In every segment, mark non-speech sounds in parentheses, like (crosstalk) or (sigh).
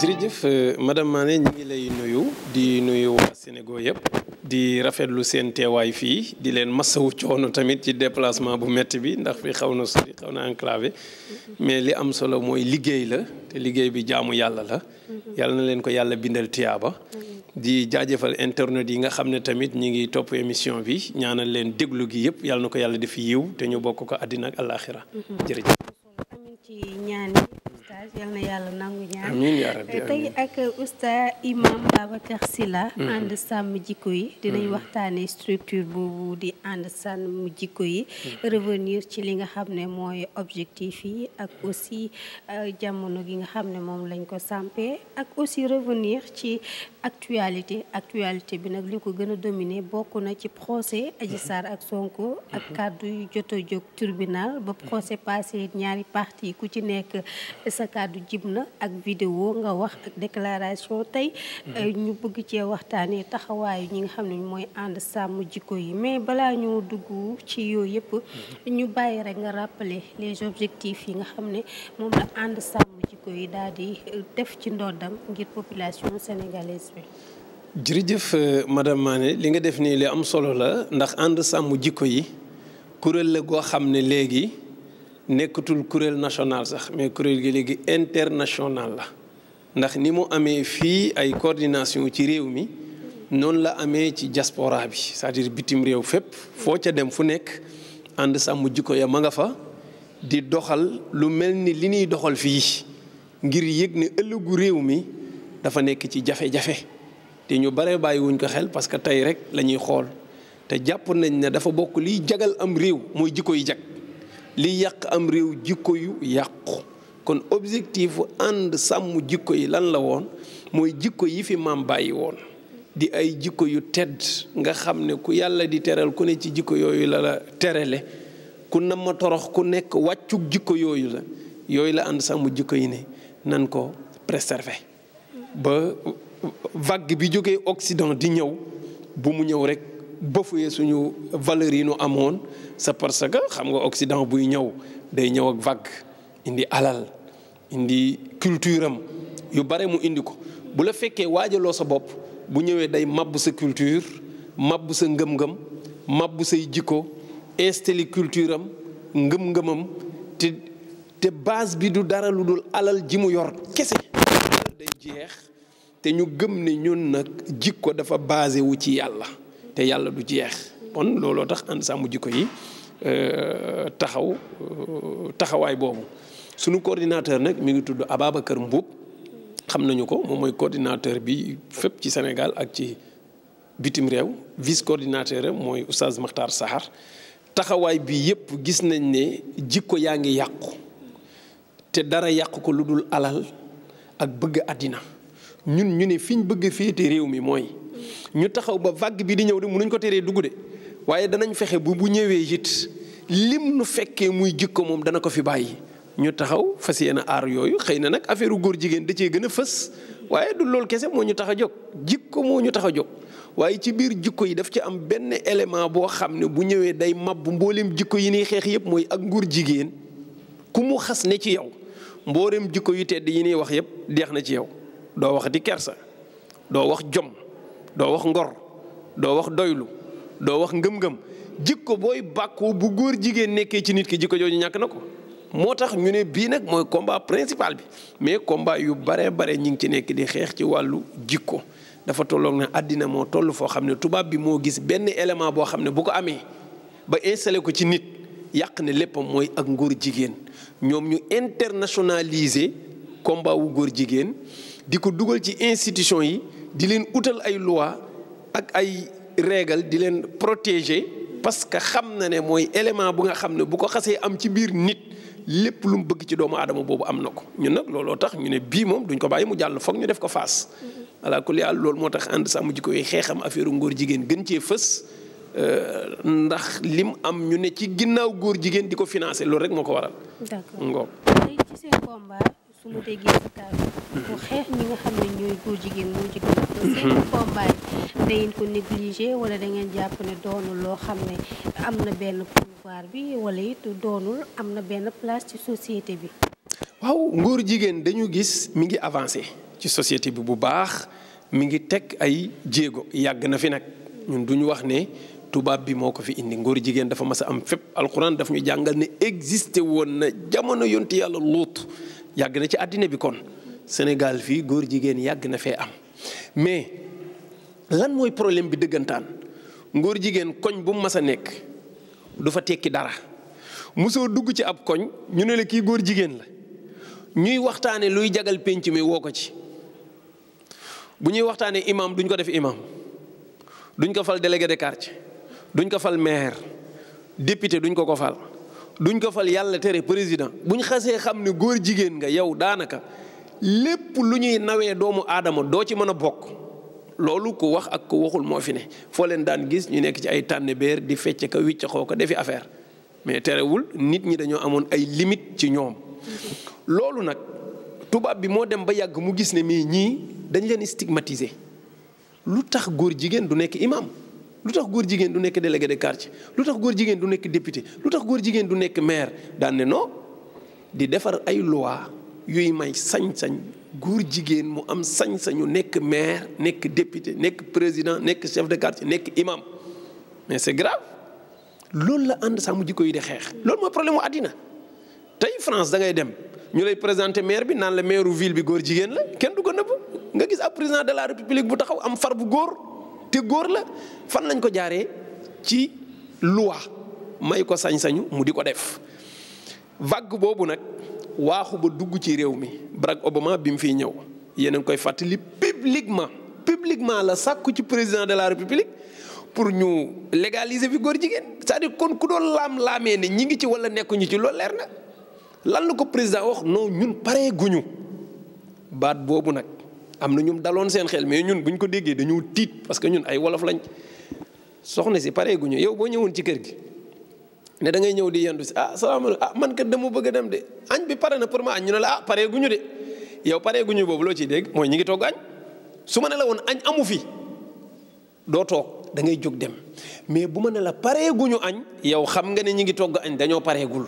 jërëjëf euh, madame Mané ñi ngi lay nuyu di nuyu waa Sénégal yëpp di rafetlu seen teewaay fii di leen masawu coono tamit ci déplacement bu métti bi ndax fi xaw na sori xaw na enclavé mais li am solo mooy liggéey la te liggéey bi jaamu yàlla la yàlla na leen ko yàlla bindal tiyaaba di jaajëfal internet yi nga xam ne tamit ñi ngi topp émission bi ñaanal leen déglu gi yëpp yàlla na ko yàlla def yiw te ñu bokk ko àddina ak àllaaxira mhm. jërëjëf oustaz yal na yàlla nangu ak oustaz imam Babacar Sylla mm-hmm. ànd sàmm jikko yi mm-hmm. dinañ waxtaane structure boobu di ànd sàmm jikko yi mm-hmm. revenir ci li nga xam ne mooy objectif yi ak aussi euh, jamono gi nga xam ne moom lañ ko sampee ak aussi revenir ci actualité actualité bi nag li ko gën a dominer bokk na ci procès Adji Sarr ak Sonko ak kàddu yu joto jóg tribunal ba procès passé ñaari parti ku ci nekk sa kaddu jib na ak vidéo nga wax ak déclaration tey mhm. euh, ñu bëgg cee waxtaanee taxawaayu ñi nga xam ne mooy ànd sàmm jikko yi mais balaa ñoo dugg ci yooyu yëpp mhm. ñu bàyyi rek nga rappeler les objectifs yi nga xam ne moom la ànd sàmm jikko yi daal di euh, def ci ndoddam ngir population sénégalaise bi jërëjëf euh, madame Mané li nga def nii li am solo la ndax ànd sàmm jikko yi kuréel la goo xam ne léegi nekkatul kuréel national sax mais kuréel gi léegi international la ndax ni mu amee fii ay coordination ci réew mi noonu la amee ci diaspora bi cest à bitim réew fépp foo ca dem fu nekk ànd sàmm jikko ya ma nga fa di doxal lu mel ni li ñuy doxal fii ngir yëg ne ëllëgu réew mi dafa nekk ci jafe-jafe te ñu bare bàyyi wuñ ko xel parce que tey rek la ñuy xool te jàpp nañ ne dafa bokk liy jagal am réew mooy jikko yi jag li yàq am réew jikko yu yàqu kon objectif ànd sàmm jikko yi lan la woon mooy jikko yi fi maam bàyyi woon di ay jikko yu tedd nga xam ne ku yàlla di teral ku ne ci jikko yooyu la la terale ku nam ma torox ku nekk wàccu jikko yooyu la yooyu la ànd sàmm jikko yi ne nan ko préserver ba vague bi jógee Occident di ñëw bu mu ñëw rek bëfuyee suñu valeurs yi nu amoon sa parce que xam nga Occident buy ñëw day ñëw ak vague indi alal indi culture am yu bare mu indi ko bu la fekkee waajaloo sa bopp bu ñëwee day mabbu sa culture mabbu sa ngëm-ngëm mabbu say jikko installé culture am ngëm-ngëmam te te base bi du dara lu dul alal ji mu yor kese day jeex te ñu gëm ne ñun nag jikko dafa basé wu ci yàlla te yàlla du jeex kon looloo tax ànd sàmm jikko yi euh, taxaw euh, taxawaay boobu sunu coordinateur nag mi ngi tudd kër Mbuub xam nañu ko moom mooy coordinateur bi fépp ci Sénégal ak ci bitim réew vice coordinateur mooy Oustaz Makhtar Sahar taxawaay bi yépp gis nañ ne jikko yaa ngi yàqu te dara yàqu ko lu dul alal ak bëgg àddina ñun ñu ne fiñ ñu bëgg féete réew mi mooy ñu taxaw ba vague bi di ñëw de mënuñ ko teree dugg de waaye danañ fexe bu bu ñëwee it lim nu fekkee muy jikko moom dana ko fi bàyyi. ñu taxaw fas yéene aar yooyu xëy na nag affaire góor jigéen da cee gën a fës waaye du loolu kese moo ñu tax a jóg jikko moo ñu tax a jóg. waaye ci biir jikko yi daf ci am benn élément boo xam ne bu ñëwee day mab mbooleem jikko yi ñuy xeex yëpp mooy ak nguur jigéen ku mu xas ne ci yow mboolem jikko yu tedd yi ni wax yëpp deex na ci yow doo wax di kersa doo wax jom. doo wax ngor doo wax doylu doo wax ngëm-ngëm ko booy bàkkoo bu góor jigéen nekkee ci nit ki jikko jooju ñàkk na ko moo tax ñu ne bii nag mooy combat principal bi mais combat yu bare bare ñi ngi ci nekk di xeex ci wàllu jikko dafa tolloog na àddina moo toll foo xam ne tubaab bi moo gis benn élément boo xam ne bu ko amee ba installé ko ci nit yàq ne léppam mooy ak ngóor jigéen ñoom ñu internationaliser combat wu góor jigéen di ko dugal ci institution yi di leen utal ay loi ak ay règle di leen protéger parce que xam na ne mooy élément bu nga xam ne bu ko xasee am ci biir nit lépp lu mu bëgg ci doomu aadama boobu am na ko ñun nag looloo tax ñu ne bii moom duñ ko bàyyi mu jàll foog ñu def ko faas voilà ku yàlla loolu moo tax ànd sàmm jikko yi xeexam affaire ngóor jigéen gën cee fës euh, ndax lim am ñu ne ci ginnaaw góor jigéen di ko financé loolu rek moo ko waral. d'accord fu mu déggee sa taal bu xeex ñi nga xam ne ñooy góor jigéen góor jigéen mhm. seen combat da ko négligé wala da jàpp ne doonul loo xam ne am na benn pouvoir bi wala it doonul am na benn place ci société bi waaw góor jigéen dañu gis mi ngi avancé ci société bi bu baax mi ngi teg ay jéego yàgg na fi nag ñun duñu wax ne tubaab bi moo ko fi indi ngóor jigéen dafa mas a am fépp alxuraan daf ñu jàngal ne existé woon na jamono yonti yàlla luut yàgg na ci àddina bi kon Sénégal fii góor jigéen yàgg na fee am mais lan mooy problème bi dëggantaan ngóor jigéen koñ bu mu mas a nekk du fa tekki dara mosoo dugg ci ab koñ ñu ne la kii góor jigéen la ñuy waxtaane luy jagal pénc mi woo ko ci bu ñuy waxtaanee imam duñ ko def imam duñ ko fal délégué de quartier duñ ko fal maire député duñ ko ko fal duñ ko fal yàlla tere président bu buñ xasee xam ne góor jigéen nga yow daanaka lépp lu ñuy nawee doomu aadama doo ci mën a bokk loolu ko wax ak ku waxul moo fi ne foo leen daan gis ñu nekk ci ay tànn beer di fecc ka wicc xoo ko defi affaire mais terewul nit ñi dañoo amoon ay limite ci ñoom loolu nag tubaab bi moo dem ba yàgg mu gis ne mii ñii dañ leen stigmatiser lu tax góor jigéen du nekk imam lu tax góor jigéen du nekk délégué de quartier lu tax góor jigéen du nekk député lu tax góor jigéen du nekk maire daan ne non di defar ay loi yooyu may sañ-sañ góor jigéen mu am sañ-sañu nekk maire nekk député nekk président nekk chef de quartier nekk imam mais c'est grave loolu la ànd sàmm jikko yi di xeex loolu mooy problème àddina tey France da ngay dem ñu lay présenté maire bi naan la maire ville bi góor jigéen la kenn du ko nëbb nga gis ab président de la république bu taxaw am far bu góor te góor la fan lañ ko jaaree ci loi may ko sañ-sañu mu di ko def vague boobu nag waaxu ba dugg ci réew mi Barack Obama bi mu fiy ñëw yéen a ngi koy fàttali publiquement publiquement la sàkku ci président de la république pour ñu légaliser fi góor jigéen cest à kon ku doon laam-laamee ne ñi ngi ci wala nekkuñu ci loolu leer na lan la ko président wax non ñun paree guñu baat boobu nag am na ñum daloon seen xel mais ñun bu ñu ko déggee dañoo tiit parce que ñun ay wolof lañ soxna si pare guñu yow boo ñëwul ci kër gi ne da ngay ñëw di yendu si ah salaamaaleykum ah man kat dama bëgg a dem de añ bi paree na pour ma añ ñu ne la ah pare ñu de yow pare guñu boobu loo ciy dégg mooy ñi ngi togg añ su ma ne la woon añ amu fi doo toog da ngay jóg dem mais bu ma ne la pare guñu añ yow xam nga ne ñi ngi togg añ dañoo pareegul.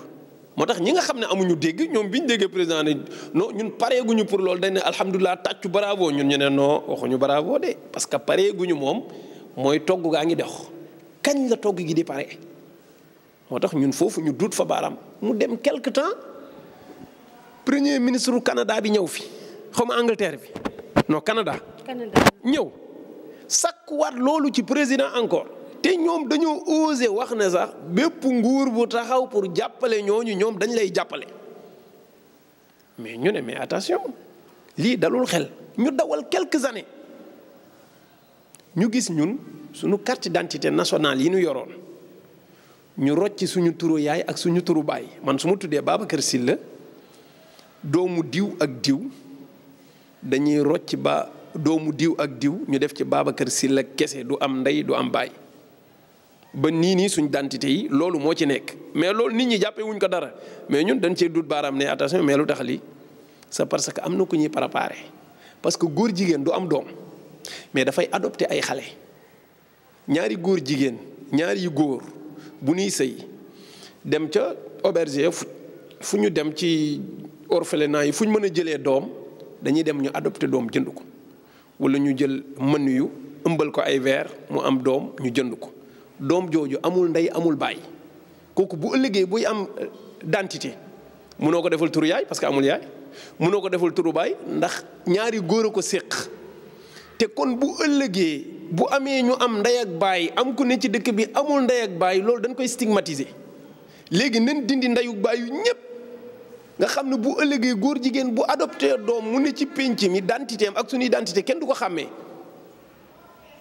moo tax ñi nga xam ne amuñu dégg ñoom bi ñu déggee président ne non ñun pareeguñu pour loolu dañ ne alhamdulilah tàccu bravo ñun ñu noo waxuñu bravo de parce que pareeguñu moom mooy togg gaa ngi dox kañ la togg gi di pare. moo tax ñun foofu ñu duut fa baaraam mu dem quelque temps premier ministre du Canada bi ñëw fi xaw ma Angleterre bi noo Canada. Canada ñëw sakkuwaat loolu ci président encore. te ñoom dañoo osé wax ne sax bépp nguur bu taxaw pour jàppale ñooñu ñoom dañ lay jàppale mais ñu ne mais attention lii dalul xel ñu dawal quelques années ñu gis ñun suñu carte d'identité nationale yi ñu yoroon ñu rocc suñu turu yaay ak suñu turu baay man su ma tuddee Babacar Sylla doomu diw ak diw dañuy rocc ba doomu diw ak diw ñu def ci Babacar Sylla kese du am ndey du am baay ba nii nii suñ dentité yi loolu moo ci nekk mais loolu nit ñi jàppee wuñ ko dara mais ñun dañ cee dut baaraam ne attention mais lu tax lii c'est parce que am na ko ñuy préparé parce que góor jigéen du am doom mais dafay adopté ay xale ñaari góor jigéen ñaari góor bu nuy sëy dem ca auberge fu ñu dem ci orphelinat yi fu ñu mën a jëlee doom dañuy dem ñu adopté doom jënd ko wala ñu jël mën yu ëmbal ko ay weer mu am doom ñu jënd ko doom jooju amul ndey amul baay kooku bu ëllëgee buy am euh, dentité mënoo ko defal turu yaay parce que amul yaay mënoo ko defal turu baay ndax ñaari góor a ko séq te kon bu ëllëgee bu amee ñu am ndey ak baay am ku ne ci dëkk bi amul ndey ak baay loolu dañ koy stigmatiser léegi nañ dindi ndeyu baay yu ñëpp nga xam ne bu ëllëgee góor jigéen bu adopté doom mu ne ci pénc mi dentité am ak suñu identité kenn du ko xàmmee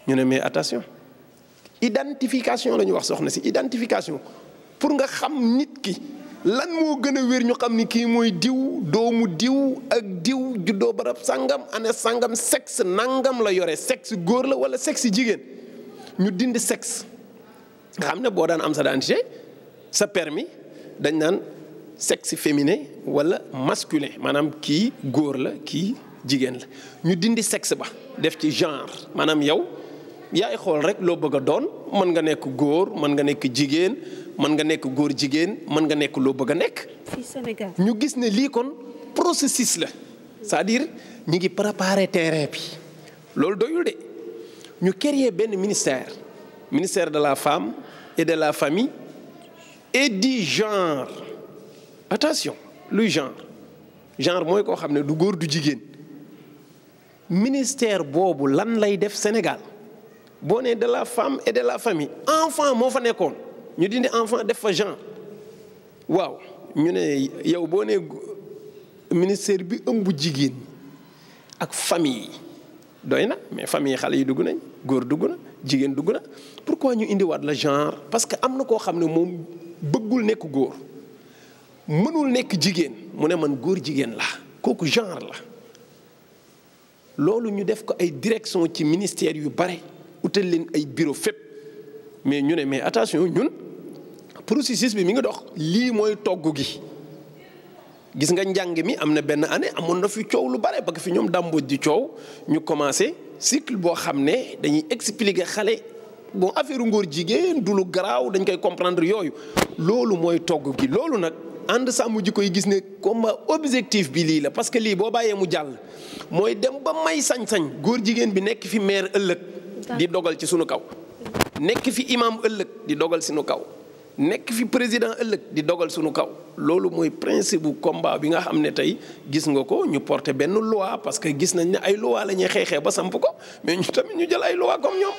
ñu ne mais attention. identification la ñu wax soxna si identification pour nga xam nit ki lan moo gën a wér ñu xam ni kii mooy diw doomu diw ak diw juddoo barab sangam ane sangam sexe nangam la yore sexe góor la wala sexe jigéen ñu dindi sexe nga xam ne boo daan am sa identité sa permis dañ naan sexe féminin wala masculin maanaam kii góor la kii jigéen la ñu dindi sexe ba def ci genre maanaam yow. yaay xool rek loo bëgg a doon mën nga nekk góor mën nga nekk jigéen mën nga nekk góor jigéen mën nga nekk loo bëgg a nekk. fii ñu gis ne lii kon processus la. cest à ñu ngi préparer terrain bi loolu doyul de ñu créer benn ministère ministère de la femme et de la famille et du genre attention luy genre genre mooy koo xam ne du góor du jigéen ministère boobu lan lay def Sénégal. boo nee de la femme et de la famille enfant moo fa nekkoon ñu dindi enfant def fa genre waaw ñu ne yow boo nee ministère bi ëmb jigéen ak famille doy na mais famille xale yi dugg nañ góor dugg na jigéen dugg na pourquoi ñu indiwaat la genre parce que am na koo xam ne moom bëggul nekk góor mënul nekk jigéen mu ne man góor jigéen la kooku genre la loolu ñu def ko ay direction ci ministère yu bare utal leen ay bureau fépp mais ñu ne mais attention ñun processus bi mi ngi dox lii mooy togg gi gis nga njàng mi am na benn année amoon na fi coow lu bare ba fi ñoom dàmbooj di coow ñu commencé cycle boo xam ne dañuy expliquer xale bon affaire ngóor jigéen du lu garaaw dañ koy comprendre yooyu loolu mooy togg gi loolu nag ànd sàmm ji koy gis ne comme objectif bi lii la parce que lii boo bàyyee mu jàll mooy dem ba may sañ-sañ góor jigéen bi nekk fi maire ëllëg di dogal ci suñu kaw nekk fi imaam ëllëg di dogal sunu kaw nekk fi président ëllëg di dogal suñu kaw loolu mooy principe bu combat bi nga xam ne tey gis nga ko ñu porté benn loi parce que gis nañ ne ay loi la ñuy xeexee ba samp ko mais ñu tamit ñu jël ay loi comme ñoom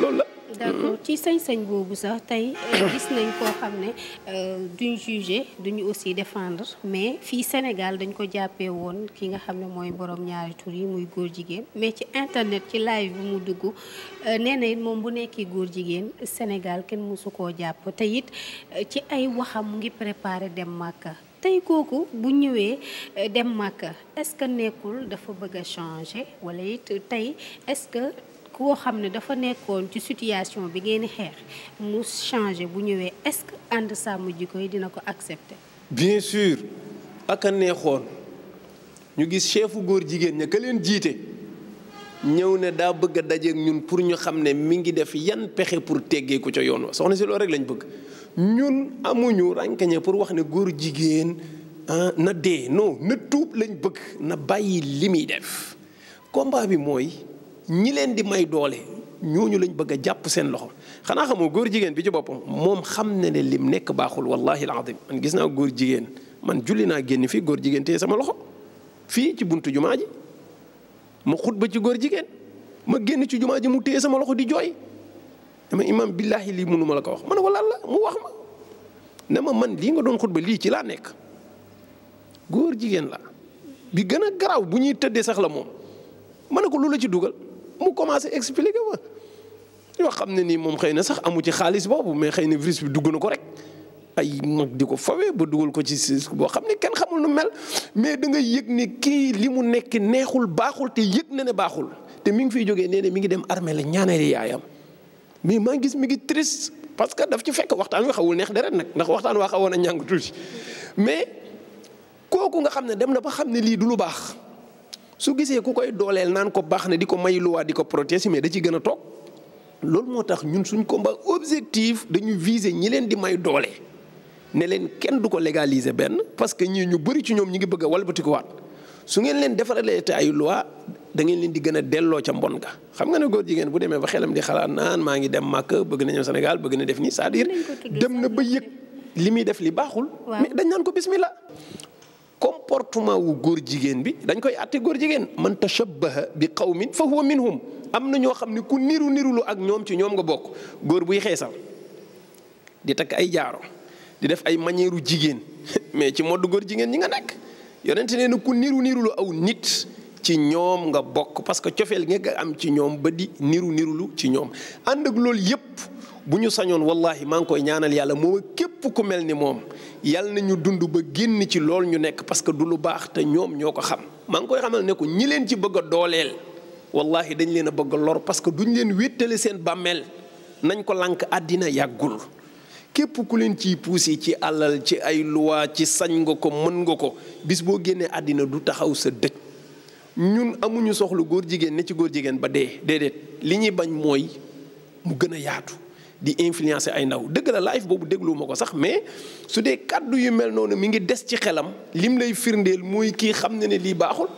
loolu la d'accord euh, ci sañ-sañ boobu sax tey euh, (coughs) gis nañ koo xam ne euh, duñ jugé duñu aussi défendre mais fii Sénégal dañ ko jàppee woon ki nga xam ne mooy borom ñaari tour yi muy góor jigéen mais ci internet ci live bu mu dugg nee na it moom bu nekkee góor jigéen Sénégal kenn mësu koo jàpp tey it ci ay waxam mu ngi préparé dem Màkka tey kooku bu ñëwee dem Màkka est-ce que nekkul dafa bëgg a changer wala it tey est koo xam ne dafa nekkoon ci situation bi ngeen xeex mu changé bu ñëwee est-ce que ànd sàmm jikko yi dina ko accepter. bien sûr ak a neexoon ñu gis chefu góor jigéen ña ka leen jiite ñëw ne daa bëgg a dajeek ñun pour ñu xam ne mi ngi def yan pexe pour teggee ko ca yoon wa soxna si loolu rek lañu bëgg ñun amuñu rànkañe pour wax ne góor jigéen ah, na dee non na tuub lañ bëgg na bàyyi li muy def komba bi mooy. ñi leen di may doole ñooñu lañ bëgg a jàpp seen loxo xanaa xamoo góor jigéen bi ci boppam moom xam na ne lim nekk baaxul wallahi alazim man gis naa góor jigéen man julli naa génn fii góor jigéen téye sama loxo fii ci buntu jumaa ji ma xutba ci góor jigéen ma génn ci jumaa ji mu sama loxo di jooy dama imam billahi lii mënuma la ko wax man wala la mu wax ma ne ma man lii nga doon xutba lii ci laa nekk góor jigéen la bi gën a garaaw bu ñuy tëddee sax la moom ma ne ko lu la ci dugal mu commencé expliquer ma xam ne nii moom xëy na sax amu ci xaalis boobu mais xëy na virus bi dugg na ko rek ay mag di ko fawee ba dugal ko ci si boo xam ne kenn xamul nu mel mais da nga yëg ne kii li mu nekk neexul baaxul te yëg na ne baaxul te mi ngi fiy jóge nee ne mi ngi dem armée la ñaanali yaayam mais maa ngi gis mi ngi triste parce que daf ci fekk waxtaan wi xawul neex deret nag ndax waxtaan waa xawoon a ñàng si mais kooku nga xam ne dem na ba xam ne lii du lu baax su gisee ku koy dooleel naan ko baax na di ko may luwaa di ko protéger mais da ci gën a toog loolu moo tax ñun suñ combat objectif dañu viser ñi leen di may doole ne leen kenn du ko légaliser benn parce que ñu ñu bëri ci ñoom ñi ngi bëgg a walbatikuwaat su ngeen leen defaralee te ay loi da ngeen leen di gën a delloo ca mbon ga xam nga ne góor jigéen bu demee ba xelam di xalaat naan maa ngi dem Màkka bëgg na ñëw Sénégal bëgg na def nii cest à dem na ba yëg li muy def li baaxul mais comportement wu góor jigéen bi dañ koy atte góor jigéen man tashabbaha bi qawmin fa huwa minhum am na ñoo xam ne ku niru nirulu ak ñoom ci ñoom nga bokk góor buy xeesal di takk ay jaaro di def ay manière jigéen (laughs) mais ci modd góor jigéen ñi nga nekk yonent nee na ku niru nirulu aw nit ci ñoom nga bokk parce que cofeel nga am ci ñoom ba di niru nirulu ci ñoom ànd ak loolu yépp bu ñu sañoon wallahi maa ngi koy ñaanal yàlla moo képp ku mel ni moom yal na ñu dund ba génn ci lool ñu nekk parce que du lu baax te ñoom ñoo ko xam maa ngi koy xamal ne ko ñi leen ci bëgg a dooleel wallahi dañ leen a bëgg a lor parce que duñ leen wéttale seen bàmmeel nañ ko lànk àddina yàggul képp ku leen ciy yi ci alal ci ay loi ci sañ nga ko mën nga ko bis boo génnee àddina du taxaw sa dëj ñun amuñu soxlu góor jigéen ne ci góor jigéen ba dee déedéet li ñuy bañ mooy mu gën a yaatu di influencer ay ndaw dëgg la live boobu ma ko sax mais su dee kàddu yu mel noonu mi ngi des ci xelam lim lay firndeel muy kii xam ne ne lii baaxul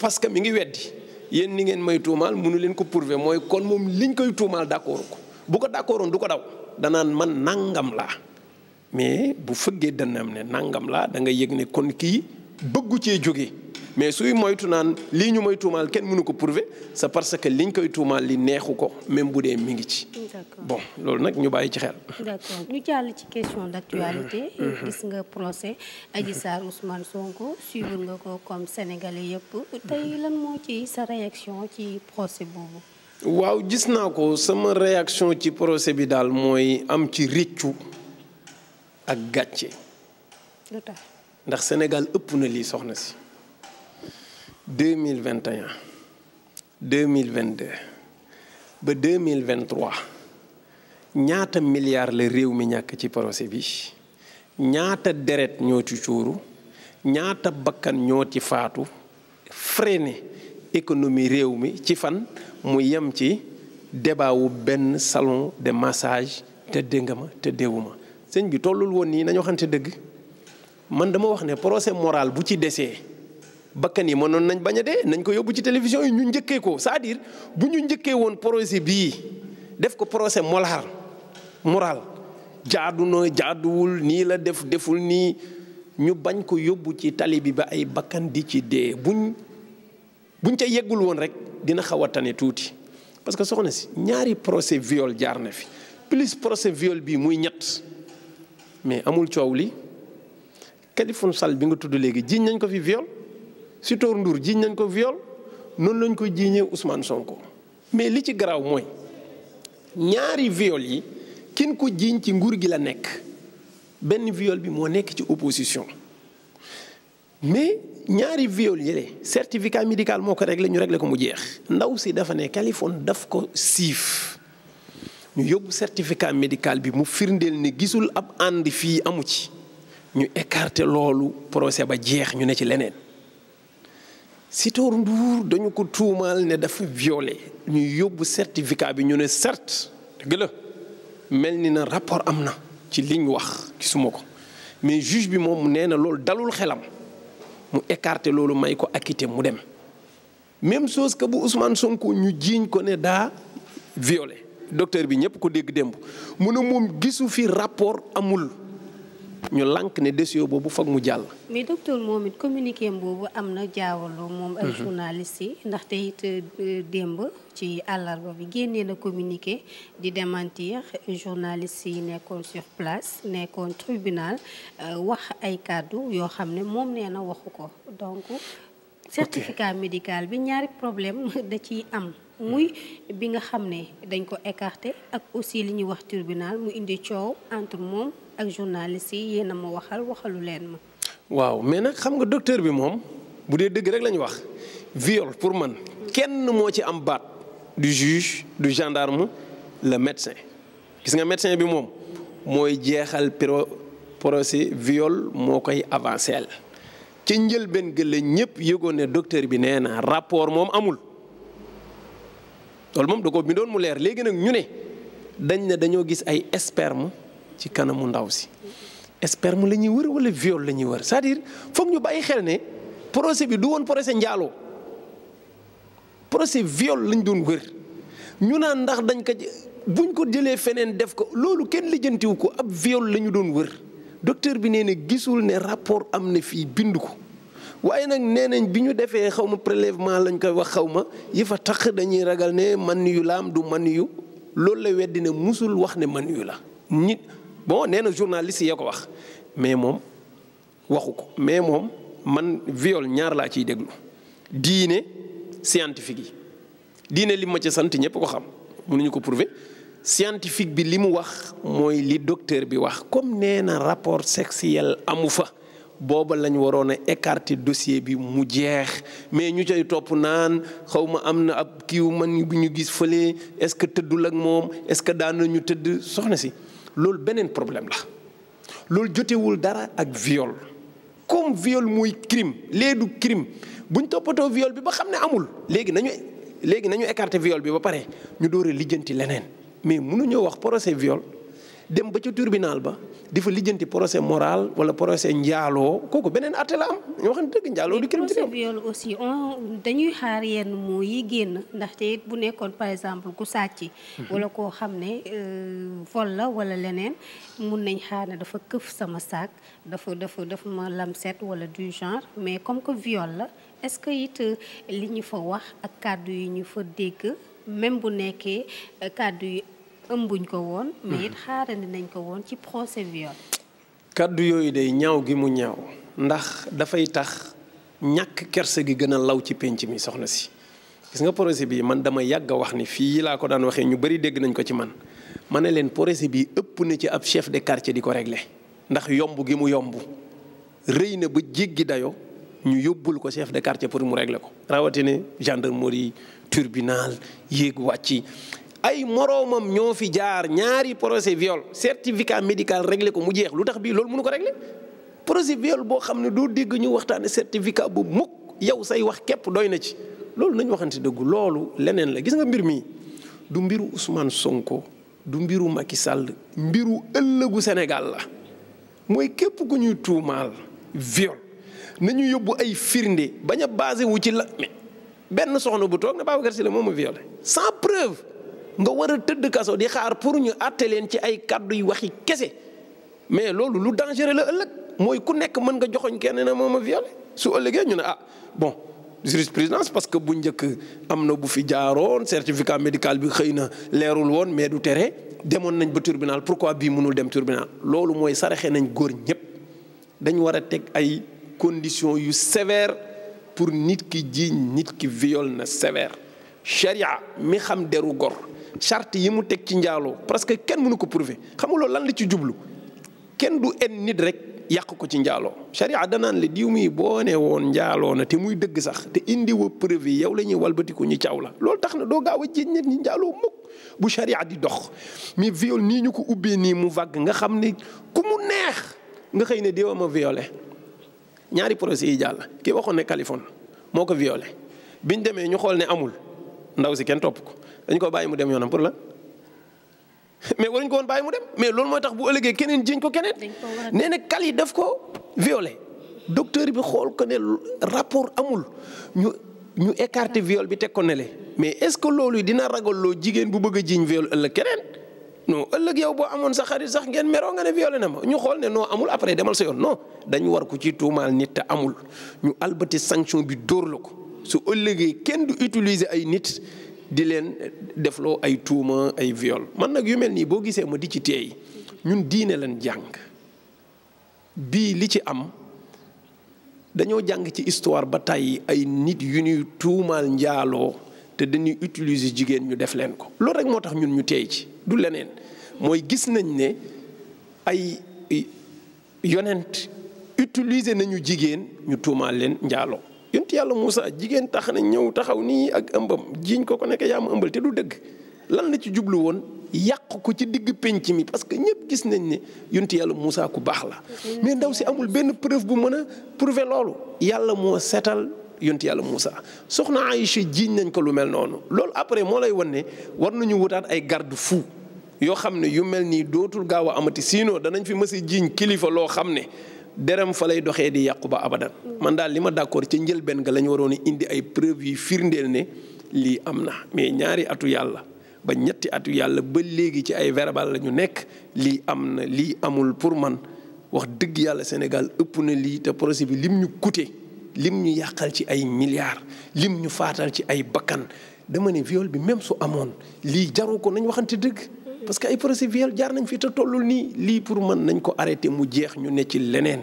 parce que mi ngi weddi yéen ni ngeen may tuumaal mënu leen ko prouver mooy kon moom liñ koy tuumaal d'accord ko bu ko d'accordoon du ko daw danaan man nangam laa mais bu fëggee danam ne nangam laa da yëg ne kon kii bëggu cee jóge mais suy moytu naan lii ñu may tuumaal kenn mënu ko prouver sa parce que liñ koy tuumaal li neexu ko même bu dee mi ngi ci. bon loolu nag ñu bàyyi ci xel. d'accord ñu jàll ci question d'actualité. gis nga procès Adji Sarr Ousmane Sonko suivre nga ko comme sénégalais yëpp tey lan moo ci sa réaction ci procès boobu. waaw gis naa ko sama réaction ci procès bi daal mooy am ci rëccu ak gàcce. ndax Sénégal ëpp na lii soxna si. deux mille vingt et un mille vingt deux ba deux mille vingt ñaata milliards la réew mi ñàkk ci procès bi ñaata deret ñoo ci cuuru ñaata bakkan ñoo ci faatu freiné économie réew mi ci fan mu yem ci débat benn salon de massage te dégg ma te déewuma sëñ bi tollul woon nii nañu waxante dëgg man dama wax ne procès moral bu ci desee bakkan yi mënoon nañ bañ a dee nañ ko yóbbu ci télévision yi ñu njëkkee ko cest à bu ñu njëkkee woon projet bii def ko procès moral moral jaadu na jaaduwul nii la def deful nii ñu bañ ko yóbbu ci tali bi ba ay bakkan di ci dee buñ buñ ca yeggul woon rek dina xaw a tane tuuti parce que soxna si ñaari procès viol jaar na fi plus procès viol bii muy ñett mais amul coow li Kaliphone Sall bi nga tudd léegi jiiñ nañ ko fi viole Sitor Ndour jiiñ nañ ko viol noonu lañ ko jiiñee Ousmane Sonko mais li ci garaaw mooy ñaari viol yi kin ko jiiñ ci nguur gi la nekk benn viol bi moo nekk ci opposition mais ñaari viol yi certificat médical moo ko réglé ñu réglé ko mu jeex ndaw si dafa ne Californie daf ko siif ñu yóbbu certificat médical bi mu firndeel ni gisul ab ànd fii amu ci ñu écarté loolu prose ba jeex ñu ne ci leneen Sitor Ndour dañu ko tuumaal ne dafa violé ñu yóbbu certificat bi ñu ne certes dëgg mel ni na rapport am na ci liñ wax gisuma ko mais juge bi moom nee na loolu dalul xelam mu écarté loolu may ko acquitté mu dem même sos que bu Ousmane Sonko ñu jiiñ ko ne daa violé docteur bi ñëpp ko dégg démb mu ne moom gisu fi rapport amul ñu lànk ne dossier boobu foog mu jàll. mais docteur moom it communiqué boobu am na jaawaloo moom ak mhm. journaliste yi ndaxte it euh, démb ci àllarba bi génnee na communiqué di démentir journaliste yi nekkoon sur place nekkoon tribunal euh, wax ay kàddu yoo xam ne moom nee na waxu ko donc. certificat médicale bi ñaari problème da ciy am. muy bi nga xam ne dañ ko écarté ak aussi li ñuy wax tribunal mu indi coow entre moom. ak journaliste yi yéen waxal waxalu leen ma. waaw mais nag xam nga docteur bi moom bu dee dëgg rek la ñu wax viol pour man kenn moo ci am baat du juge du gendarme le médecin gis nga médecin bi moom mooy jeexal pro procès viole moo koy avancé ci njëlbéen gën la ñëpp yëgoon ne docteur bi nee na rapport moom amul loolu moom da ko bindoon mu leer léegi nag ñu ne dañ ne dañoo gis ay sperme ci kanamu ndaw si sperme la ñuy wër wala viole la ñuy wër c'est-à-dire foog ñu bàyyi xel ne procès bi du woon procès njaaloo procès viole lañ doon wër ñu naan ndax dañ ko buñ ko jëlee feneen def ko loolu kenn lijjantiwu ko ab viole la ñu doon wër docteur bi nee ne gisul ne rapport am na fii bind ko waaye nag nee nañ bi ñu defee xaw ma prélèvement lañ koy wax xaw ma yi fa tax dañuy ragal ne man yu laam du man yu loolu la weddi ne mosul wax ne man yu bon nee na journaliste yee ko wax mais moom waxu ko mais moom man viol ñaar laa ciy déglu diine scientifique yi diine li ma ca sant ñëpp ko xam mënuñu ko prouver scientifique bi li mu wax mooy li docteur bi wax comme nee na rapport sexuel amu fa booba lañu waroon a écarter dossier bi mu jeex mais ñu cay topp naan xaw ma am na ab kiiw man bu ñu gis fële est-ce que tëddul ak moom est-ce que daan ñu tëdd soxna si loolu beneen problème la loolu jotewul dara ak viol comme viol mooy crime lee du crime buñ toppatoo viol bi ba xam ne amul léegi nañu léegi nañu écarte viol bi ba pare ñu door a lijjanti leneen mais mënuñoo wax procès viol dem ba ca tribunal ba di fa lijjanti procès moral wala procès njaaloo kooku beneen àtte la am ñoo xam ne dëgg njaaloo du crime di on dañuy xaar yenn moo yi génn ndax it bu nekkoon par exemple ku sàcc wala koo xam ne euh, vol la wala leneen mun nañ xaar ne dafa këf sama saak dafa dafa dafa ma lamset wala du genre mais comme que viol la est-ce que it euh, li ñu fa wax ak kàddu yi ñu fa dégg même bu nekkee euh, kàddu yi ëmbuñ ko woon. mais mhm. it xaarandi nañ ko woon ci procès viol. kàddu yooyu day ñaaw gi mu ñaaw ndax dafay tax ñàkk kersa gi gën a law ci pénc mi soxna si. gis nga projet bii man dama yàgg a wax ni fii laa ko daan waxee ñu bëri dégg nañ ko ci man ma ne leen projet bii ëpp na ci ab chef de quartier di ko regle ndax yomb gi mu yomb rëy na ba jéggi dayo ñu yóbbul ko chef de quartier pour mu régler ko. rawatina gendarmerie tribunal yéeg wàcc ay moroomam ñoo fi jaar ñaari procès viol certificat médical réglé ko mu jeex lu tax bii loolu mënu ko réglé procès viol boo xam ne doo dégg ñu waxtaane certificat bu mukk yow say wax képp doy na ci loolu nañu waxante dëgg loolu leneen la gis nga mbir mi du mbiru Ousmane Sonko du mbiru Macky Sall mbiru ëllëgu Sénégal la mooy képp ku ñuy tuumaal viol nañu yóbbu ay firnde bañ a wu ci la mais benn soxna bu toog ne Babacar Sylla moom a violé sans nga war a tëdd kaso di xaar pour ñu àtte leen ci ay kàddu yu waxi kese mais loolu lu dangereux la ëllëg mooy ku nekk mën nga joxoñ kenn na moom a violé su ëllëgee ñu ne ah bon jurisprudence parce que bu njëkk am na bu fi jaaroon certificat médical bi xëy na leerul woon mais du tere demoon nañ ba tribunal pourquoi bii mënul dem tribunal loolu mooy saraxe nañ góor ñëpp dañ war a teg ay conditions yu sévère pour nit ki jiiñ nit ki viol na sévère charia mi xam deru gor charte yi mu teg ci njaaloo parce que kenn mënu ko prouver xam lan la ci jublu kenn du en nit rek yàq ko ci njaaloo charia danaan la diw mii boo ne woon njaaloo na te muy dëgg sax te indi wa yow la ñuy walbatiku ñu caaw la lool tax na doo gaaw a jéem nit ñi njaaloo mukk bu charia di dox mais viol nii ñu ko ubbee nii mu vàgg nga xam ne ku mu neex nga xëy ne diwa ma violé ñaari procès yi jàll kii waxoon ne kalifon moo ko viole biñ demee ñu xool ne amul. ndaw si kenn topp ko dañ ko bàyyi mu dem yoonam pour la mais waruñ ko woon bàyyi mu dem mais loolu mooy tax bu ëllëgee keneen jiñ ko keneen. nee na kal yi daf ko violé docteur bi xool ko ne rapport amul ñu ñu écarté viol bi teg ko ne le mais est ce que loolu dina ragal loo jigéen bu bëgg a jiñ viol ëllëg keneen. non ëllëg yow boo amoon sax xarit sax ngeen meroo nga ne violé na ma ñu xool ne noo amul après demal sa yoon non dañu war ko ci tuumaal nit te amul ñu albati sanction bi dóor la ko. su ëllëgee kenn du utiliser ay nit di leen defloo ay tuuma ay viol man nag yu mel nii boo gisee ma di ci teey ñun diine leen jàng bii li ci am dañoo jàng ci histoire ba tàyyi ay nit yu ñuy tuumaal njaaloo te dañuy utiliser jigéen ñu def leen ko loolu rek moo tax ñun ñu teey ci du leneen mooy gis nañ ne ay yonent utiliser nañu jigéen ñu tuumaal leen njaaloo yonent yàlla Moussa jigéen tax na ñëw taxaw nii ak ëmbam jiiñ ko ko nekk yaa ëmbal te du dëgg lan la ci jublu woon yàq ko ci digg penc mi parce que ñëpp gis nañ ne yonent yàlla Moussa ku baax la. mais ndaw si amul benn preuve bu mën a prouver loolu. yàlla moo seetal yonent yàlla Moussa soxna Aïcha jiiñ nañ ko lu mel noonu loolu après moo lay wan ne war nañu wutaat ay garde fu yoo xam ne yu mel nii dootul gaaw a amati sinon danañ fi mës jiiñ kilifa loo xam ne. deram fa lay doxee di yàqu ba abada man daal li ma d'accord ca njëlbeen ga la ñu waroon indi ay preuve yu firndeel ne lii am na mais ñaari atu yàlla ba ñetti atu yàlla ba léegi ci ay verbal la ñu nekk lii am na lii amul pour man wax dëgg yàlla Sénégal ëpp na lii te projet bi lim ñu coûté lim ñu yàqal ci ay milliards lim ñu faatal ci ay bakkan dama ne viol bi même su amoon lii jaru ko nañ waxante dëgg parce que ay procès viol jaar nañ fi te nii lii pour mën nañ ko arrêter mu jeex ñu ne ci leneen.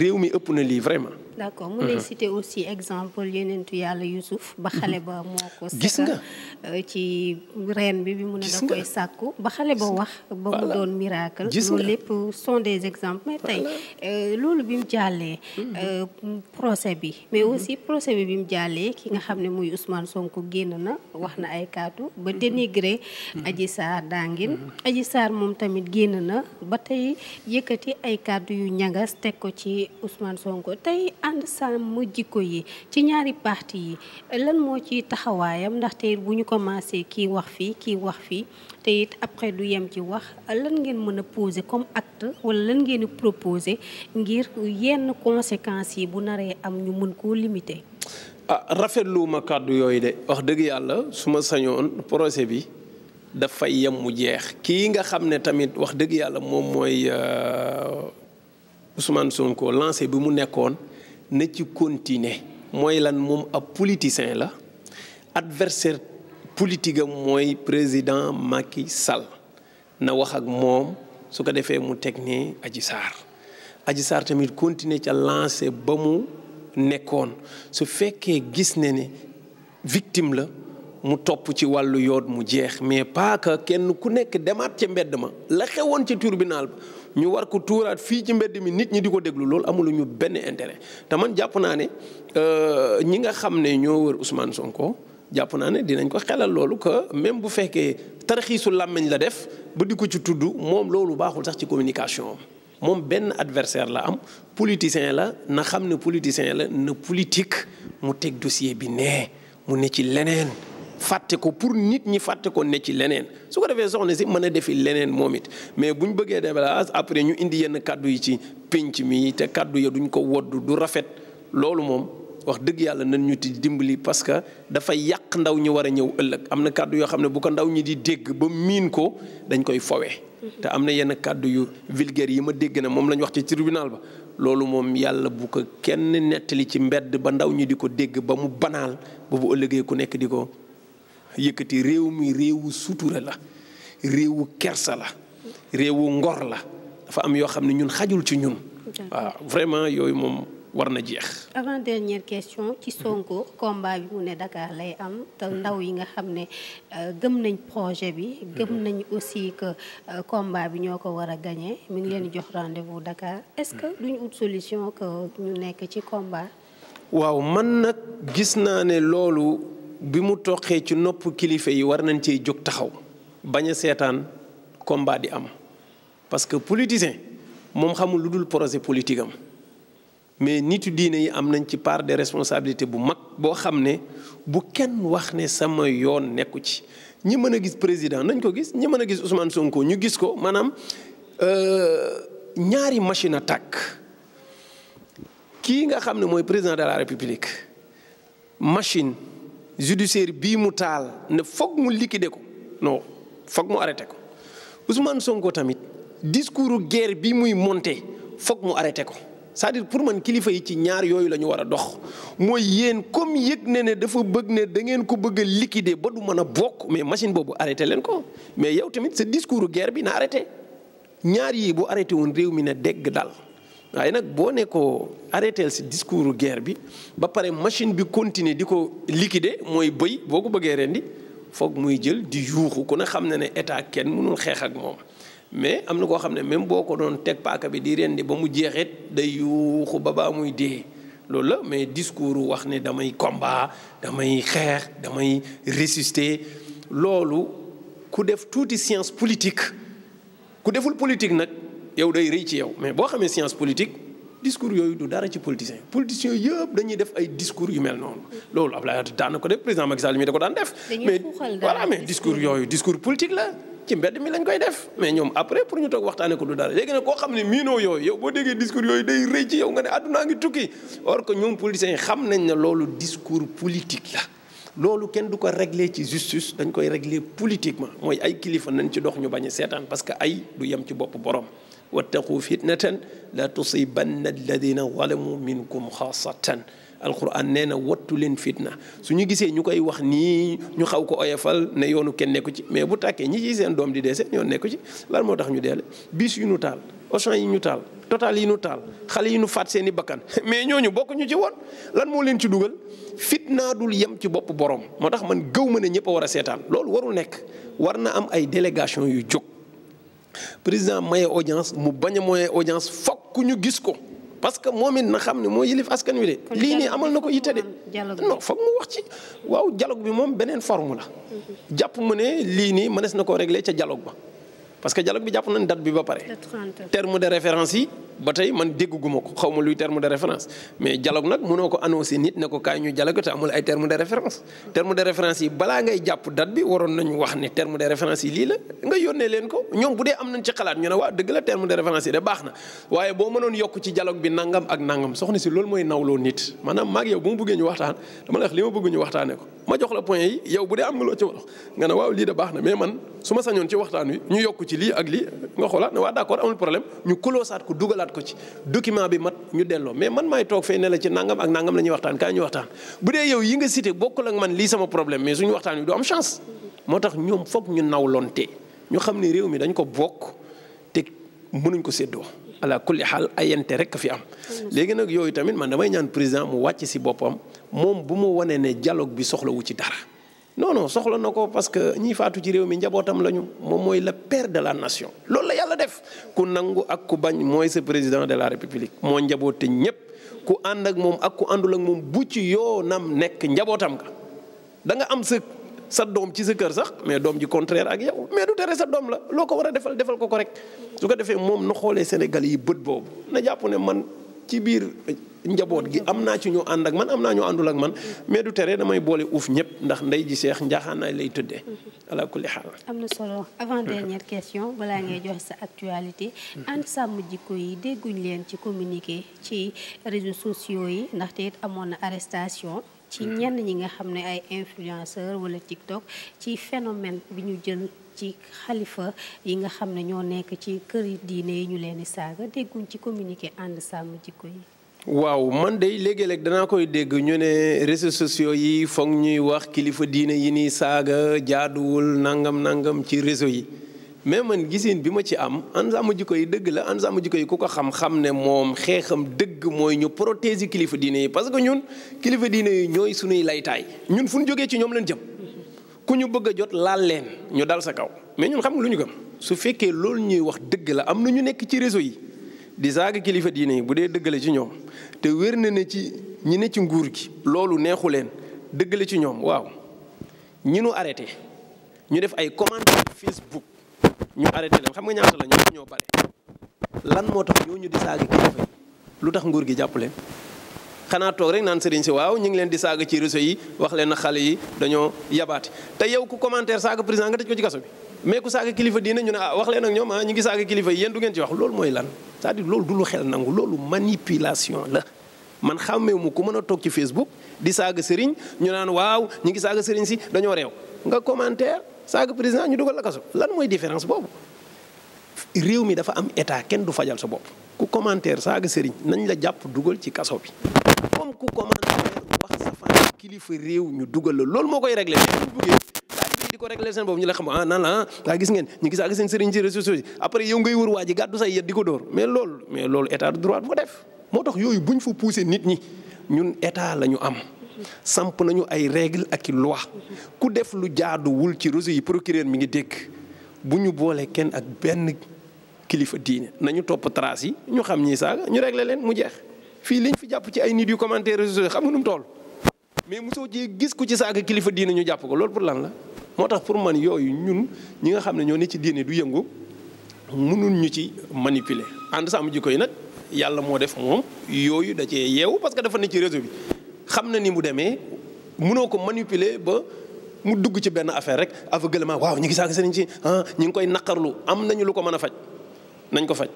réew mi ëpp na lii vraiment. d' accord mu lay mhm. citer aussi exemple yeneentu yàlla Youssouf ba mhm. xale ba moo ko gis euh, ci reen bi bi mu ne da koy sàkku ba xale ba wax ba mu doon miracle loolu lépp sont des exemples mais euh, loolu bi mu jàllee mhm. euh, procès bi mais aussi procès bi bi mu jàllee ki nga xam ne muy usmaan Sonko génn na wax na ay kaatu ba dénigré Adji Sarr dangin Adji Sarr moom tamit génn na ba tey yëkkati ay kàddu yu ñagas teg ko ci Ousmane Sonko tey ànd sàmm jikko yi ci ñaari parti yi lan moo ciy taxawaayam ndaxte it bu ñu ko commencé kii wax fii kii wax fii te it après du yem ci wax lan ngeen mën a poser comme acte wala lan ngeen di proposer ngir yenn conséquences yi bu naree am ñu mën koo limiter. ah rafetlu ma kàddu yooyu de wax dëgg yàlla su ma sañoon projet bi dafay yem mu jeex kii nga xam ne tamit wax dëgg yàlla moom mooy euh, Ousmane Sonko lancé bi mu nekkoon. na ci continé mooy lan moom ab politicien la adversaire politique am mooy président Macky sal na wax ak moom su ko defee mu teg ne Adji Sarr Adji Sarr tamit continuer ca lancé ba mu nekkoon su fekkee gis ne ne victime la mu topp ci wàllu yoot mu jeex mais paaka kenn ku nekk demaat ca mbedd ma la xewoon ca tribunal ñu war ko tuuraat fii ci mbedd mi nit ñi di ko déglu loolu amulu ñu benn intérêt te man jàpp naa ne euh, ñi nga xam ne ñoo war Ousmane Sonko jàpp naa ne dinañ ko xelal loolu que même bu fekkee tarxiisu làmmiñ la def ba di ko ci tudd moom loolu baaxul sax ci communication am moom benn adversaire la am politicien la na xam ne politicien la na mu teg dossier bi nee mu ne ci leneen fàtte ko pour nit ñi fàtte ko ne ci leneen su ko defee soxna si mën a defi leneen moom it mais bu ñu bëggee débalance après ñu indi yenn kàddu yi ci pénc mi te kàddu ya duñ ko wodd du rafet loolu moom wax dëgg yàlla nan ñu ti dimbali parce que dafay yàq ndaw ñi war a ñëw ëllëg am na kàddu yoo xam ne bu ko ndaw ñi di dégg ba miin ko dañ koy fowee te am na yenn kàddu yu vulgaire yi ma dégg na moom la ñu wax ci tribunal ba loolu moom yàlla bu ko kenn nettali ci mbedd ba ndaw ñi di ko dégg ba mu banaal ba ëllëgee ku nekk di ko yëkkati réew mi réewu sutura la réewu kersa la réewu ngor la dafa am yoo xam ne ñun xajul ci ñun waaw vraiment yooyu moom war na jeex. avant dernière question ci Sonko combat bi mu ne Dakar lay am te mhm. ndaw yi nga xam ne euh, gëm nañ projet bi. Mhm. gëm nañ aussi que euh, combat bi ñoo ko war a gagné mu ngi mhm. leen jox rendez-vous Dakar est-ce que duñ ut solution que ñu nekk ci komba waaw man nag gis naa ne loolu bi mu toqee ci nopp kilifa yi war nañ cee jóg taxaw bañ a seetaan combat di am parce que politicien moom xamul lu dul projet politique am mais nitu diine yi am nañ ci part de responsabilité bu mag boo xam ne bu kenn wax ne sama yoon nekku ci ñi mën a gis président nañ ko gis ñi mën a gis Ousmane Sonko ñu gis ko maanaam euh, ñaari machine à tàkk kii nga xam ne mooy président de la république machine judiciaire bii mu taal ne foog mu liquider ko non foog mu arrêté ko Ousmane Sonko tamit discours guerre bii muy monté foog mu arrêté ko c'est-à-dire pour man kilifa yi ci ñaar yooyu la ñu war a dox mooy yéen comme yëg ne ne dafa bëgg ne da ngeen ko bëgg a liquider ba du mën a bokk mais machine boobu arrêté leen ko mais yow tamit sa discours guerre bi na arrêté ñaar yii bu arrêté woon réew mi ne dégg dal waaye nag boo nekkoo ko arrêté si discours guerre bi ba pare machine bi continuer di ko liquider mooy bëy boo ko bëggee rendi foog muy jël di yuuxu ku ne xam ne ne état kenn mënul xeex ak moom mais am na koo xam ne même boo ko doon teg paaka bi di rendi ba mu jeexeet day yuuxu ba baa muy dee loolu la mais discours wax ne damay combat damay xeex damay résister loolu ku def tuuti science politique ku deful politique nag yow day rëy ci yow mais boo xamee science politique discours yooyu du dara ci politicien politiciens yëpp dañuy def ay yu mel noonu loolu Abdoulaye Wade ko def président da ko daan def mais voilà mais discours yooyu discours politique la ci mbedd mi lañ koy waxtaanee ko du dara léegi nag koo xam ne miinoo yooyu yow boo déggee discours yooyu day rëy ci ñoom politiciens yi xam nañ ne loolu discours politique loolu kenn du ko régler ci justice dañ koy régler politiquement mooy ay kilifa nañ ci dox ñu bañ seetaan parce que ay du yem ci bopp borom wattaqu fitnatan la tusibanna alladina zalamu minkum xaasatan alquran nee na wattu leen fitna su ñu gisee ñu koy wax nii ñu xaw ko oyofal ne yoonu kenn nekku ci mais bu tàkkee ñi ci seen doom di dee seen yoon nekku ci lan moo tax ñu deele bis yu ñu taal Auchan yi ñu taal total yi ñu taal xale yi nu faat seen i bakkan (laughs) mais ñooñu bokk ñu ci woon lan moo leen ci dugal fitnaa dul yem ci bopp borom moo tax man gëw ma na ñëpp a war a seetaan loolu warul nekk war na am ay délégation yu jóg président maye audience mu bañ a maye audience fokk ñu gis ko parce que moom it na xam ne moo yilif askan wi de. lii nii amal na ko yitte de. non foog mu wax ci waaw dialogue bi moom beneen forme la. Mhm. jàpp mu ne lii nii mënees na koo régler ca dialogue ba. parce que dialogue bi jàpp nañ date bi ba pare. terme de référence yi ba tey man dégguma ko xaw ma luy terme de référence mais dialogue nag mënoo ko annoncé nit ne ko kaay ñu dialogue te amul ay terme de référence. terme de référence yi balaa ngay jàpp date bi waroon wax ne terme de référence leen ko ñoom bu dee am xalaat ñu ne waa dëgg la terme de référence yi na waaye boo mënoon yokk loolu mooy nawloo nit maanaam maag yow bu ma bëggee ko ma jox la point yi waaw lii de baax na mais man su ma sañoon ci waxtaan wi ñu yokk ci lii ak lii nga xoolaat ne waa d'accord amul problème ñu koloosaat ko dugalaat ko ci document bi mat ñu delloo mais man maay toog fee ne la ci nangam ak nangam la ñuy waxtaan kaay ñu waxtaan. bu dee yow yi nga cité bokkul ak man lii sama problème mais suñu waxtaan wi du am chance moo tax ñoom foog ñu nawlonte ñu xam ne réew mi dañ ko bokk te mënuñ ko séddoo. ala kulli xaal ayante rek fi am. léegi nag yooyu tamit man damay ñaan président mu wàcc si boppam moom bu mu wanee ne dialogue bi soxlawu ci dara. non soxla na ko parce que ñiy faatu ci réew mi njabootam lañu moom mooy la per de la nation loolu la yàlla def ku nangu ak ku bañ mooy sa président de la république moo njaboot njaboote ñëpp ku ànd ak moom ak ku àndul ak moom bu ci nam nekk njabootam ka da nga am sa sa doom ci sa kër sax mais doom ji contraire ak yow mais du tere sa doom la loo ko war a defal defal ko ko rek su ko defee moom na xoolee Sénégal yi bët boobu na jàpp ne man ci biir. njaboot gi am naa ci ñu ànd ak man am naa ñu àndul ak man mais du tere damay boole uuf ñëpp ndax ndey ji seex njaaxaanaay lay tëddee. ala xaal. am na solo avant dernière question balaa ngay joxe sa actualité. ànd sàmm jikko yi dégguñ leen ci communiqué ci réseaux sociaux yi ndaxte it amoon na arrestation. ci ñenn ñi nga xam ne ay influenceur wala TikTok ci phénomène bi ñu jël ci xalifa yi nga xam ne ñoo nekk ci kër diine yi ñu leen di saaga dégguñ ci communiqué ànd sàmm jikko yi. waaw man de léegi-léeg danaa koy dégg ñu ne réseaux sociaux yi foog ñuy wax kilifa diine yi nii saaga jaaduwul nangam nangam ci réseau yi mais man gisin bi ma ci am Ann Samm Jikko Yi dëgg la Ann Samm Jikko Yi ku ko xam-xam ne moom xeexam dëgg mooy ñu protéger kilifa diine yi parce que ñun kilifa diine yi ñooy suñuy laytaay ñun fu ñu jógee ci ñoom leen jëm ku ñu bëgg a jot laal leen ñu dal sa kaw mais ñun xam nga lu ñu gëm su fekkee loolu ñuy wax dëgg la am na ñu nekk ci réseau yi di saaga kilifa diine yi bu dee dëggale ci ñoom te wér na ne ci ñi ne ci nguur gi loolu neexu leen dëggale ci ñoom waaw ñi nu arrêté ñu def ay commentaire Facebook ñu arrêté leen xam nga ñaata la ñoo ñoo bare lan moo tax ñooñu di saaga kilifa yi lu tax nguur gi jàpp leen xanaa toog rek naan sëriñ si waaw ñu ngi leen di saaga ci réseau yi wax leen na xale yi dañoo yabaate te yow ku commentaire saaga président nga tëj ko ci kaso bi mais ku saaga kilifa diine ñu ne ah wax leen ak ñoom ah ñu ngi saaga kilifa yéen du ngeen ci wax loolu mooy lan cest à loolu du lu xel nangu loolu manipulation la man xàmmeewu mu ku mën a toog ci Facebook di saaga sëriñ ñu naan waaw ñi ngi saaga sëriñ si dañoo réew nga commentaire saaga président ñu dugal la kaso lan mooy différence boobu réew mi dafa am état kenn du fajal sa bopp ku commentaire saaga sëriñ nañ la jàpp dugal ci kaso bi comme ku commentaire wax sa kilifa réew ñu dugal la loolu moo koy réglé di ko régler seen boobu xam ah naan la ah daa gis ngeen ñu gis ak seen sëriñ ci réseaux sociaux ko dóor mais loolu mais loolu état de droit bu moo tax yooyu buñ fa poussé nit ñi ñun état la ñu am samp nañu ay règle ak i loi ku def lu jaaduwul ci réseau yi procureur mi ngi dégg bu ñu boole kenn ak benn kilifa diine nañu topp trace yi ñu xam ñi saaga ñu régler leen mu jeex fii liñ fi jàpp ci ay nit yu commentaire réseaux xam nga nu tool toll mais mosoo ji gis ku ci saaga kilifa diine ñu jàpp ko loolu pour lan la moo tax pour man yooyu ñun ñi nga xam ne ñoo ne ci diine du yëngu mënul ñu ci manipuler ànd sàmm jikko koy nag yàlla moo def moom yooyu da cee yeewu parce que dafa ne ci réseau bi xam na ni mu demee mënoo ko manipuler ba mu dugg ci benn affaire rek aveuglement waaw ñu ngi saaga sëriñ si ah ñu ngi koy naqarlu am nañu lu ko mën a faj nañ ko faj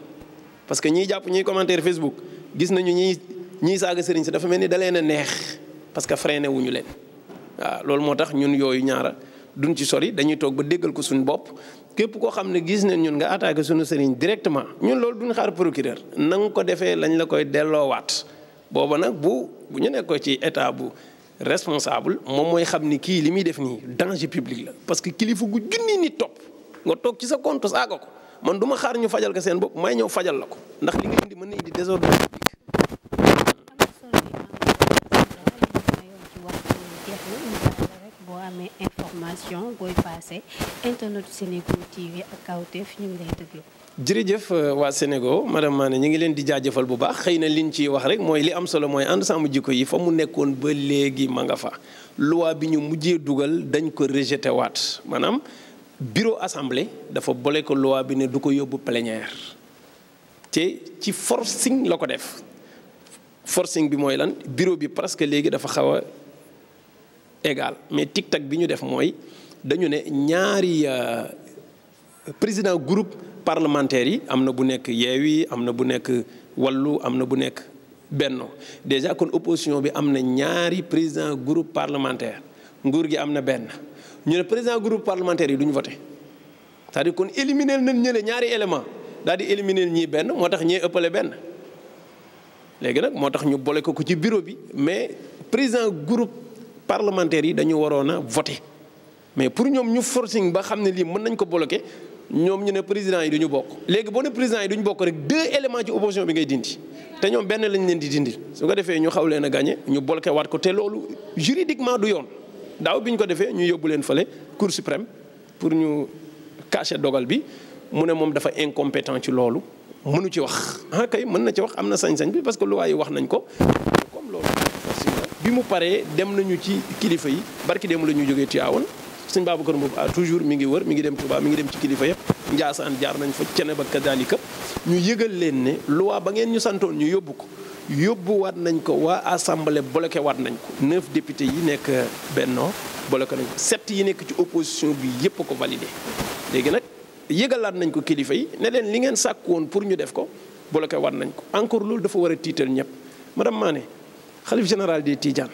parce que ñiy jàpp ñiy commentaire Facebook gis nañu ñiy ñiy saaga sëriñ si dafa mel ni da leen neex parce que freiné wuñu leen waaw loolu moo tax ñun yooyu ñaara duñ ci sori dañuy toog ba déggal ko suñu bopp képp koo xam ne gis nañ ñun nga attaqué suñu sëriñ directement ñun loolu duñ xaar procureur na nga ko defee lañ la koy delloo waat booba nag bu bu ñu nekk ko ci état bu responsable moom mooy xam ni kii li muy def nii danger public la parce que kilifa gu junni nit topp nga toog ci sa compte saaga ko man du ma xaar ñu fajal ko seen bopp may ñëw fajal la ko ndax li nga indi mën na indi désordre information jërëjëf euh, waa Sénégo madame Mané ñu ngi leen di jaajëfal bu baax xëy na li liñ ciy wax rek mooy li am solo mooy ànd sàmm jikko yi fa mu nekkoon ba léegi ma nga fa. loi bi ñu mujjee dugal dañ ko rejeté waat maanaam bureau assemblée dafa boole ko loi bi ne du ko yóbbu plénière te ci forcing la ko def forcing bi mooy lan bureau bi presque léegi dafa xaw a égal mais tic-tac bi ñu def mooy dañu ne ñaari euh, président groupe parlementaire yi am na bu nekk Yewwi am na bu nekk Wallu am na bu nekk Benno déjà kon opposition bi am na ñaari président groupe parlementaire nguur gi am na benn ñu ne président groupe parlementaire yi du ñu voté cest kon éliminer nañ ñële ñaari élément daal di éliminer ñii benn moo tax ñee ëppale benn léegi nag moo tax ñu boole ko ko ci bureau bi mais président groupe parlementaires yi dañu waroon a voter mais pour ñoom ñu forcing ba xam ne lii mën nañ ko bloquer ñoom ñu ne président yi duñu bokk léegi boo ne président yi duñu bokk rek deux éléments ci opposition bi ngay dindi te ñoom benn lañ leen di dindi su nga defee ñu xaw leen a gagné ñu bloqué waat ko te loolu juridiquement du yoon daaw bi ñu ko defee ñu yóbbu leen fële cour suprême pour ñu cacher dogal bi mu ne moom dafa incompétent ci loolu mënu ci wax ah kay mën na ci wax am na sañ bi parce que loi yi wax nañ ko. bi mu paree dem nañu ci kilifa yi barki dem la ñu jógee Tivaouane ko Babacar Mboup a toujours mi ngi wër mi ngi dem Touba mi ngi dem ci kilifa yëpp Ndiassane jaar nañ fa cene ba kadaalika ñu yëgal leen ne loi ba ngeen ñu santoon ñu yóbbu ko yóbbu waat nañ ko waa assemblée bloqué waat nañ ko neuf députés yi nekk Benno bloqué nañ ko sept yi nekk ci opposition bi yëpp a ko validé léegi nag yëgalaat nañ ko kilifa yi ne leen li ngeen sàkk woon pour ñu def ko bloqué waat nañ ko encore loolu dafa war a tiital ñëpp madame Mané xalif général des Tidiane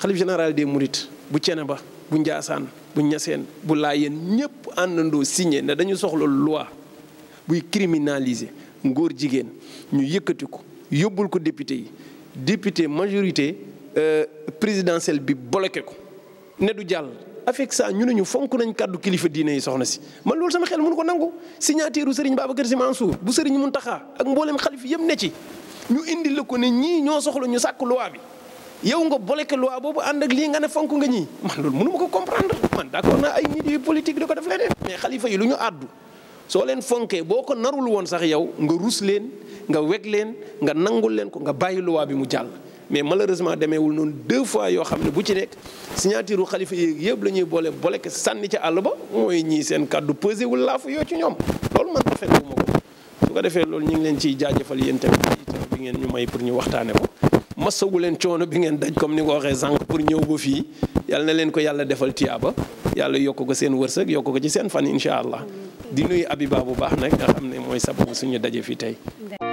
xalif général des Mourides bu Ceneba bu Njaasaan bu Ñaseen bu Laayeen ñëpp àndandoo signé ne dañu soxla loi buy criminaliser ngóor jigéen ñu yëkkati ko yóbbul ko député yi député majorité euh, présidentielle bi bloqué ko ne du jàll avec ça ñu nu ñu fonk nañ kàddu kilifa diine yi soxna si man loolu sama xel mënu ko nangu signature u Serigne Babacar Sy Mansour bu mun Mountakha ak mbooleem xalif yëpp ne ci ñu indi la ko ne ñii ñoo soxla ñu sàkk loi bi yow nga bloqué loi boobu ànd ak lii nga ne fonk nga ñii man loolu mënu ko comprendre man d'accord naa ay nit yu politique di ko def leneen mais yi lu ñu àddu soo leen fonkee boo ko narul woon sax yow nga rus leen nga weg leen nga nangul leen ko nga bàyyi loi bi mu jàll mais malheureusement demeewul noonu deux fois yoo xam ne bu ci nekk signature u xalifa yéeg yëpp la ñuy boole boole sànni ca àll ba mooy ñii seen kàddu pesé wul laafu yoo ci ñoom loolu man rafetlu ma ko su ko defee loolu ñu ngi leen ciy jaajëfal yéen tamit ci temps bi ngeen ñu may pour ñu waxtaane ko masagu leen coono bi ngeen daj comme ni ko waxee sànq pour ñëw ba fii yàlla na leen ko yàlla defal tiyaaba yàlla yokk ko seen wërsëg yokk ko ci seen fan incha allah di nuyu Abiba bu baax nag nga xam ne mooy sababu suñu daje fii tey